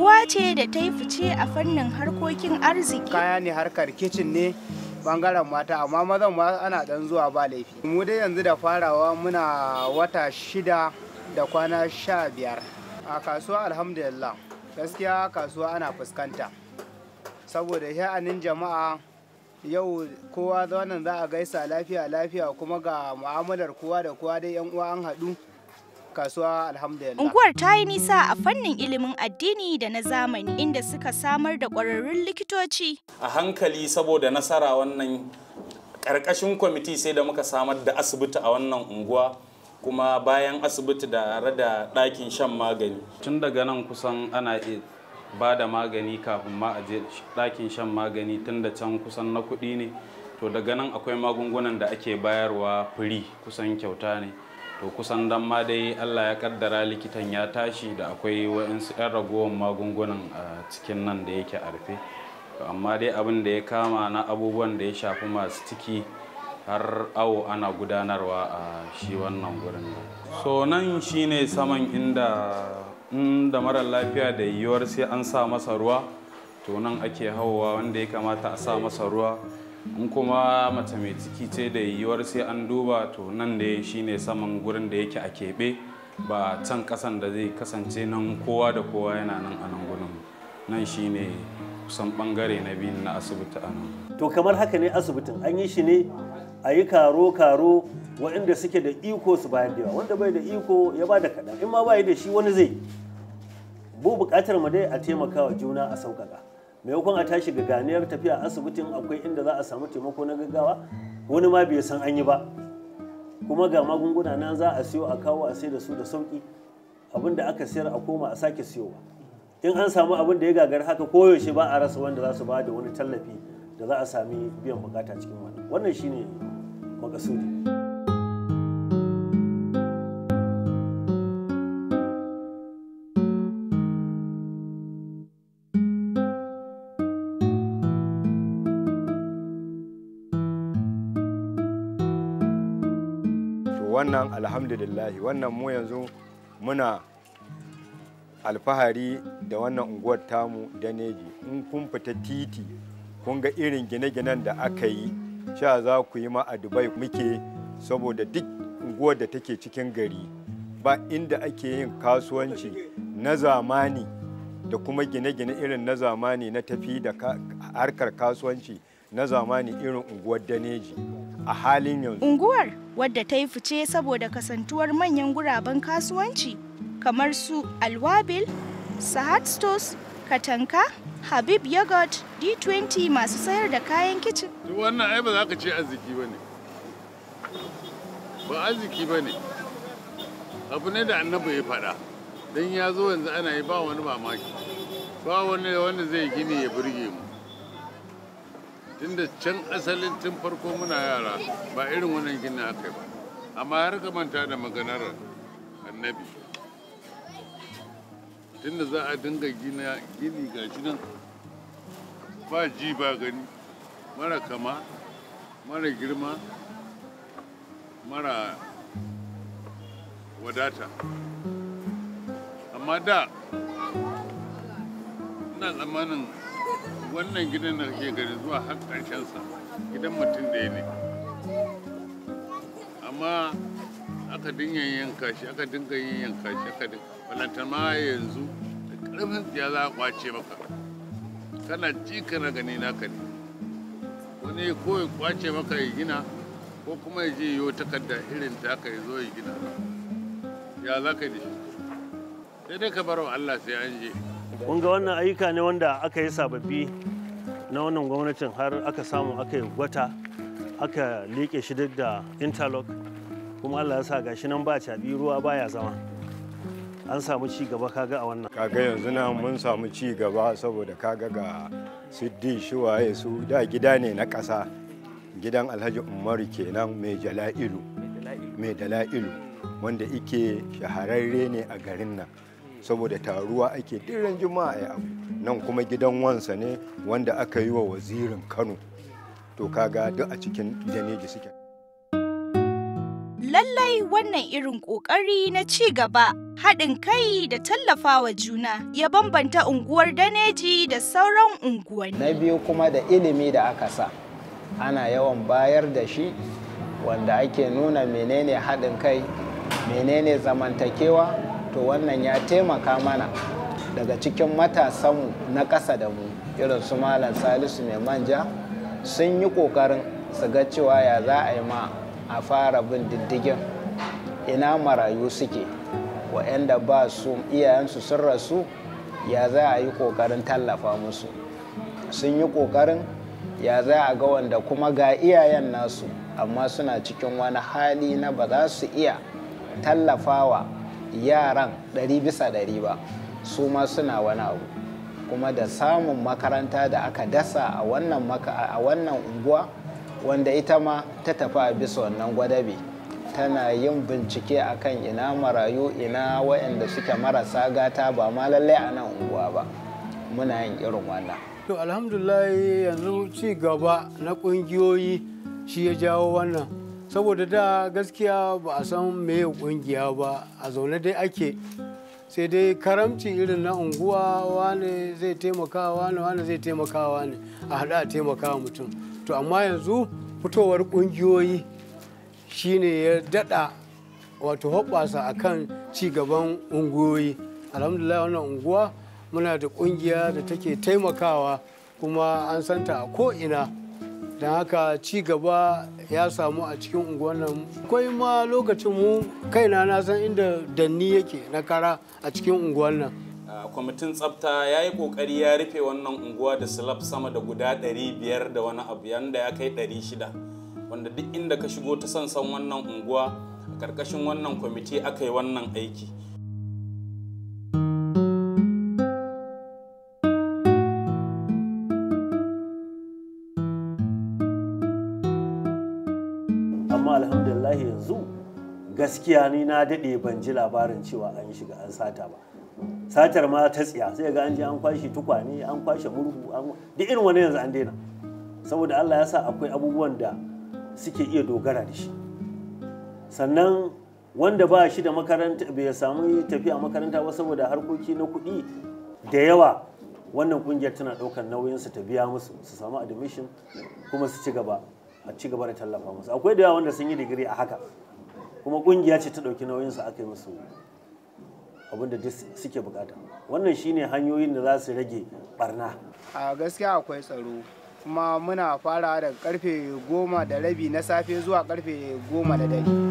Kuwa ce da ta yi fice a fannin harkokin arziki kaya ne harkar kicin ne bangaren mata amma mazan ma ana dan zuwa ba laifi mu dai yanzu da farawa muna wata shida da kwana sha biyar a kasuwa alhamdulillah gaskiya kasuwa ana fuskanta saboda sha'anin jama'a yau kowa wannan za a gaisa lafiya lafiya kuma ga mu'amalar kowa da kowa dai yan uwa an haɗu kasuwa alhamdulillah. Unguwar ta yi nisa a fannin ilimin addini da na zamani inda suka samar da ƙwararrun likitoci. A hankali saboda nasara wannan ƙarƙashin kwamiti sai da muka samar da asibiti a wannan unguwa kuma bayan asibiti da da ɗakin shan magani. Tun daga nan kusan ana ba da magani kafin ma a je ɗakin shan magani tun da can kusan na kuɗi ne. To daga nan akwai magungunan da ake bayarwa firi kusan kyauta ne. to kusan dan ma dai allah ya kaddara likitan ya tashi da akwai wa'insu 'yan ragowar magungunan a cikin nan da yake a rufe amma dai abin da ya kama na abubuwan da ya shafi masu ciki har awo ana gudanarwa a shi wannan gurin so nan shine saman inda inda mara lafiya da yiwuwar sai an sa masa ruwa to nan ake hawa wanda ya kamata a sa masa ruwa in kuma mace mai ciki ce da yiwuwar sai an duba to nan da shine saman gurin da yake a keɓe ba can ƙasan da zai kasance nan kowa da kowa yana nan a nan gurin nan shine kusan ɓangare na biyu na asibiti a nan to kamar haka ne asibitin an yi shi ne a yi karo-karo waɗanda suke da iko su bayan da wanda bai da iko ya ba da kaɗan in ma bai da shi wani zai bu buƙatar mu dai a taimakawa juna a sauƙaƙa maimakon a tashi ga ganiyar tafiya asibitin akwai inda za a samu taimako na gaggawa wani ma bai san an yi ba kuma ga magunguna nan za a siyo a kawo a sai da su da sauki abin da aka siyar a koma a sake siyowa in an samu abin da ya gagar haka koyaushe ba a rasa wanda za su ba da wani tallafi da za a sami biyan bukata cikin wannan wannan shine makasudi wannan alhamdulillah wannan mu yanzu muna alfahari da wannan unguwar tamu da neji in kun fita titi kun ga irin gine-ginen da aka yi sha za ku yi ma a dubai muke saboda duk unguwar da take cikin gari ba inda ake yin kasuwanci na zamani da kuma gine-gine irin na zamani na tafi da harkar kasuwanci na zamani irin unguwar daneji a halin yanzu unguwar wadda ta yi fice saboda kasantuwar manyan guraben kasuwanci kamar su alwabil sahad stores katanka habib yogurt d20 masu sayar da kayan kicin duk wannan ai ba za ka ce arziki ba ne ba arziki ba ne abu ne da annabi ya faɗa don ya zo yanzu ana yi ba wani mamaki ba wani wanda zai gini ya burge mu tunda can asalin tun farko muna yara ba irin wannan ginin aka yi ba amma har ka manta da maganar annabi tunda za a dinga gini ga shi nan ba ji ba gani mara kama mara girma mara wadata amma da ina tsammanin wannan gidan da ke gari zuwa har ƙarshensa gidan mutum da ne amma aka dinga yanka shi aka dinga yin yanka shi aka dinga balanta ma yanzu da ƙarfin tsiya za a kwace maka kana ji kana gani ka ne wani ko ya kwace maka ya gina ko kuma ya je yiwo takarda irin ta ka ya zo ya gina ya za ka yi da shi sai dai ka bar wa Allah sai an je. mun ga wannan ayyuka ne wanda aka yi sababbi na wannan gwamnatin har aka samu aka yi gwata aka leƙe shi duk da interlock kuma allah ya sa gashi nan ba caɓi ruwa baya zama an samu ci gaba kaga a wannan kaga yanzu na mun samu ci gaba saboda kaga ga siddi shuwaye su da gida ne na ƙasa gidan alhaji umaru kenan mai jala'ilu mai dala'ilu wanda ike shahararre ne a garin nan saboda taruwa ake diran juma'a ya abu nan kuma gidan wansa ne wanda aka yi wa wazirin kano to kaga duk a cikin janeji suke lallai wannan irin ƙoƙari na ci gaba haɗin kai da tallafawa juna ya bambanta unguwar daneji da sauran unguwanni na biyu kuma da ilimi da aka sa ana yawan bayar da shi wanda ake nuna menene haɗin kai menene zamantakewa to wannan ya taimaka mana daga cikin matasanmu na ƙasa da mu irin su malam salisu mai manja sun yi ƙoƙarin su ga cewa ya za a yi ma a fara bin diddigin ina marayu suke wa'anda ba su iyayensu sun rasu ya za a yi ƙoƙarin tallafa musu sun yi ƙoƙarin ya za a ga wanda kuma ga iyayen nasu amma suna cikin wani hali na ba za su iya tallafawa yaran ɗari bisa ɗari ba su ma suna wani abu kuma da samun makaranta da aka dasa a wannan unguwa wanda ita ma ta tafi a bisa wannan gwadabe tana yin bincike akan ina marayu ina waɗanda suke marasa gata ba ma lallai a nan unguwa ba muna yin irin wannan to alhamdulillah yanzu ci gaba na ƙungiyoyi shi ya jawo wannan saboda da gaskiya ba a san meye kungiya ba a zaune dai ake sai dai karamci irin na unguwa wane zai taimaka wane wane zai taimaka wane a haɗu a taimaka mutum to amma yanzu fitowar ƙungiyoyi shine ya daɗa wato hoɓɓasa a kan gaban unguwoyi alhamdulillah wannan unguwa muna da ƙungiya da take taimakawa kuma an santa a ko'ina don haka ci gaba ya samu a cikin unguwar nan akwai ma lokacin mu kaina na san inda danni yake na kara a cikin unguwar nan kwamitin tsafta ya yi kokari ya rufe wannan unguwa da slab sama da guda 500 da wani abu yanda ya kai 600 wanda duk inda ka shigo ta sansan wannan unguwa a karkashin wannan kwamiti aka yi wannan aiki amma alhamdulillah yanzu gaskiya ni na daɗe ban ji labarin cewa an shiga an sata ba satar ma ta tsiya sai ga an je an kwashe tukwane an kwashe murhu an duk irin wani yanzu an daina saboda Allah ya sa akwai abubuwan da suke iya dogara da shi sannan wanda ba shi da makaranta bai samu tafiya makaranta ba saboda harkoki na kuɗi da yawa wannan kungiyar tana ɗaukar nauyinsu ta biya musu su samu admission kuma su ci gaba a ci gaba da tallafa musu akwai da yawa wanda sun yi digiri a haka kuma kungiya ce ta ɗauki nauyin su aka yi musu abin da suke bukata wannan shine hanyoyin da za su rage barna a gaskiya akwai tsaro kuma muna fara da karfe goma da rabi na safe zuwa karfe goma da dare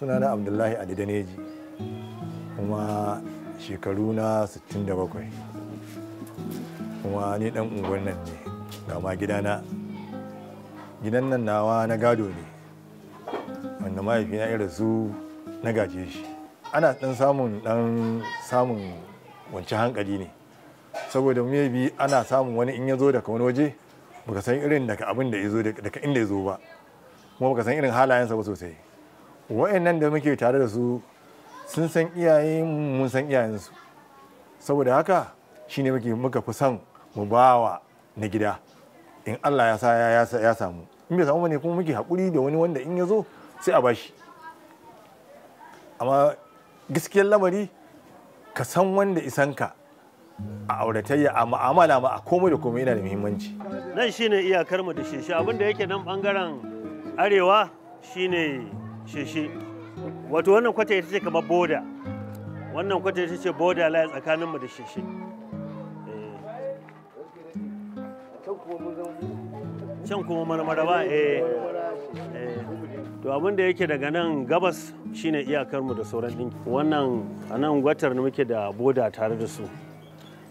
sunana abdullahi alidaneji kuma shekaru na 67 kuma ni dan unguwan nan ne gama gidana gidan nan nawa na gado ne wanda mahaifina ya rasu na gaje shi ana dan samun dan samun wancan hankali ne saboda bi ana samun wani in ya zo daga wani waje baka san irin daga abin da ya zo daga inda ya zo ba kuma baka san irin halayen sa ba sosai wa'annan da muke tare da su sun san iyayen mun san iyayensu saboda haka shine muke muka fi son mu bawa na gida in Allah ya sa ya samu in bai samu bane kuma muke haƙuri da wani wanda in ya zo sai a bashi amma gaskiyar lamari ka san wanda ka, a auratayya a ma'amala ma a komai da komai yana da muhimmanci nan shine iyakar mu da shi abin da yake nan bangaren arewa shine shishi wato wannan kwata ita ce kamar boda wannan kwata ita ce boda laya tsakaninmu da shishi eh. can kuma marmara ba eh. eh to abin da yake daga nan gabas shine iyakarmu da sauran ɗinki wannan a nan gwatar muke da boda tare da su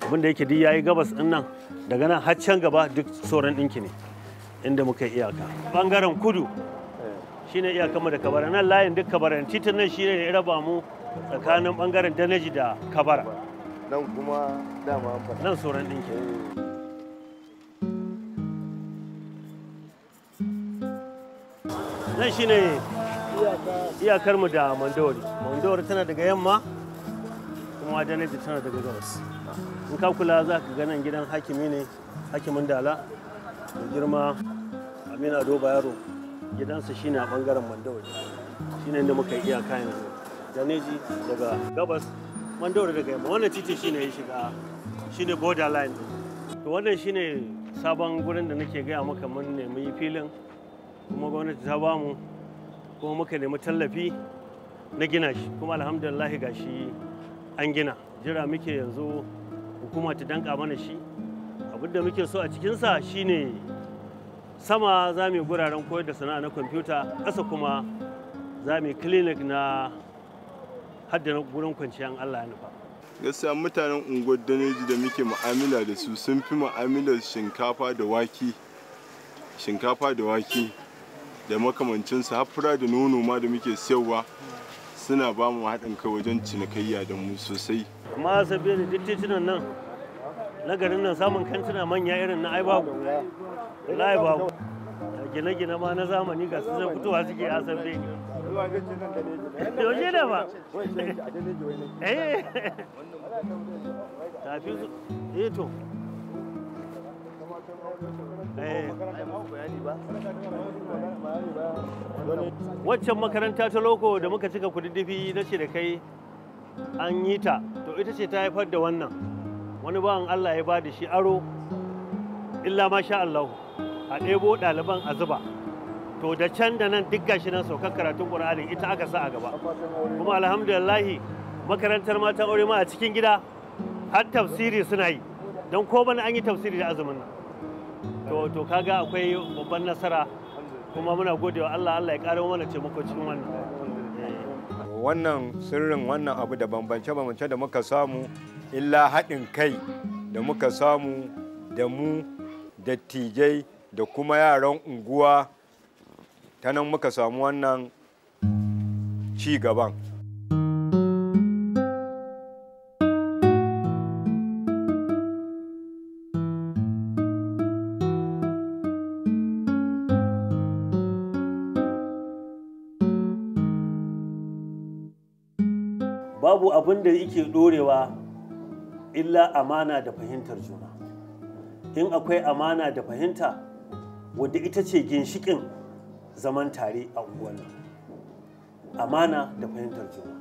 abin da yake duk yayi gabas ɗin nan daga nan har can gaba duk sauran ɗinki ne inda muka iyaka bangaren kudu shine iyakanmu da kabara nan layin duk kabara titin nan shine ya raba mu tsakanin bangaren danaji da kabara nan kuma dama an nan sauran dinki nan shine iyakar mu da mandori mandori tana daga yamma kuma danaji tana daga gabas in ka kula za ka ga nan gidan hakimi ne hakimin dala girma amina doba yaro gidansa shine a bangaren mandawari shine inda muka yi iyaka yanzu janeji daga gabas mandawari daga yamma wannan titi shine ya shiga shine borderline to wannan shine sabon gurin da nake gaya maka mun nemi filin kuma gwamnati ta bamu kuma muka nemi tallafi na gina shi kuma alhamdulillah ga shi an gina jira muke yanzu hukuma ta danka mana shi abinda muke so a cikinsa shine sama za mu guraren koyar da sana'a na kwamfuta ƙasa kuma za mu clinic na haddana gurin kwanciyar allah ya nufa gaskiya mutanen unguwar daneji da muke mu'amala da su sun fi mu'amalar shinkafa da wake da wake da makamancinsu hafura da nono ma da muke siyarwa suna ba mu haɗin kai wajen cinikayya da mu sosai amma sabbin da duk titunan nan na garin nan samun kantuna manya irin na ai wallahi ba gine-gine ma na zamani ga su zai fitowa suke asambe yaushe da ba eh. tafi su eh eh. waccan makaranta ta loko da muka cika kududdufi na ce da kai an yi ta to ita ce ta haifar da wannan wani bawan allah ya ba da shi aro illa ma sha allahu a ɗebo ɗaliban a zuba to da can da nan duk gashi nan saukar karatun ƙur'ani ita aka sa a gaba kuma alhamdulillah makarantar mata aure ma a cikin gida har tafsiri suna yi don ko bana an yi tafsiri da azumin nan to to kaga akwai babban nasara kuma muna godewa Allah Allah ya ƙara mana taimako cikin wannan wannan sirrin wannan abu da bambance bambance da muka samu illa haɗin kai da muka samu da mu dattijai. da kuma yaran unguwa ta nan muka samu wannan ci gaban babu abin da yake dorewa illa amana da fahimtar juna in akwai amana da fahimta wadda ita ce ginshikin zaman tare a unguwanni amana da fahimtar juna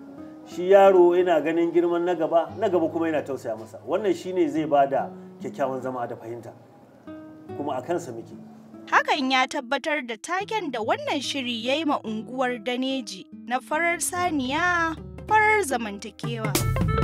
shi yaro yana ganin girman na gaba na gaba kuma yana tausaya masa wannan shine zai ba da kyakkyawan zama da fahimta kuma a kansa muke hakan ya tabbatar da taken da wannan shiri ya yi ma unguwar daneji na farar saniya farar zamantakewa.